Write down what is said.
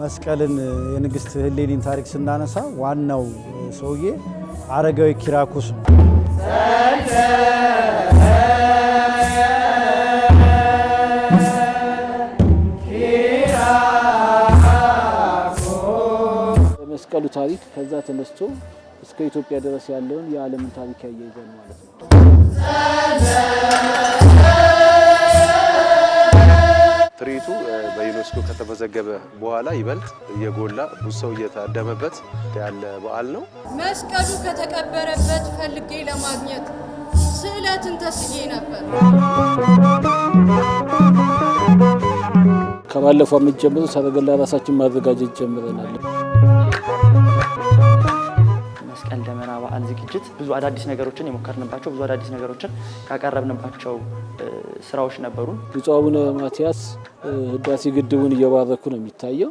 መስቀልን የንግስት እሌኒን ታሪክ ስናነሳ ዋናው ሰውዬ አረጋዊ ኪራኩስ ነው። የመስቀሉ ታሪክ ከዛ ተነስቶ እስከ ኢትዮጵያ ድረስ ያለውን የዓለምን ታሪክ ያያይዛል ማለት ነው። ቤቱ በዩኔስኮ ከተመዘገበ በኋላ ይበልጥ እየጎላ ብዙ ሰው እየታደመበት ያለ በዓል ነው። መስቀሉ ከተቀበረበት ፈልጌ ለማግኘት ስዕለትን ተስዬ ነበር። ከባለፈው ዓመት ጀምሮ ሰረገላ ራሳችን ማዘጋጀት ጀምረናል። በዓል ዝግጅት ብዙ አዳዲስ ነገሮችን የሞከርንባቸው ብዙ አዳዲስ ነገሮችን ካቀረብንባቸው ስራዎች ነበሩ። ብፁዕ አቡነ ማትያስ ህዳሴ ግድቡን እየባረኩ ነው የሚታየው።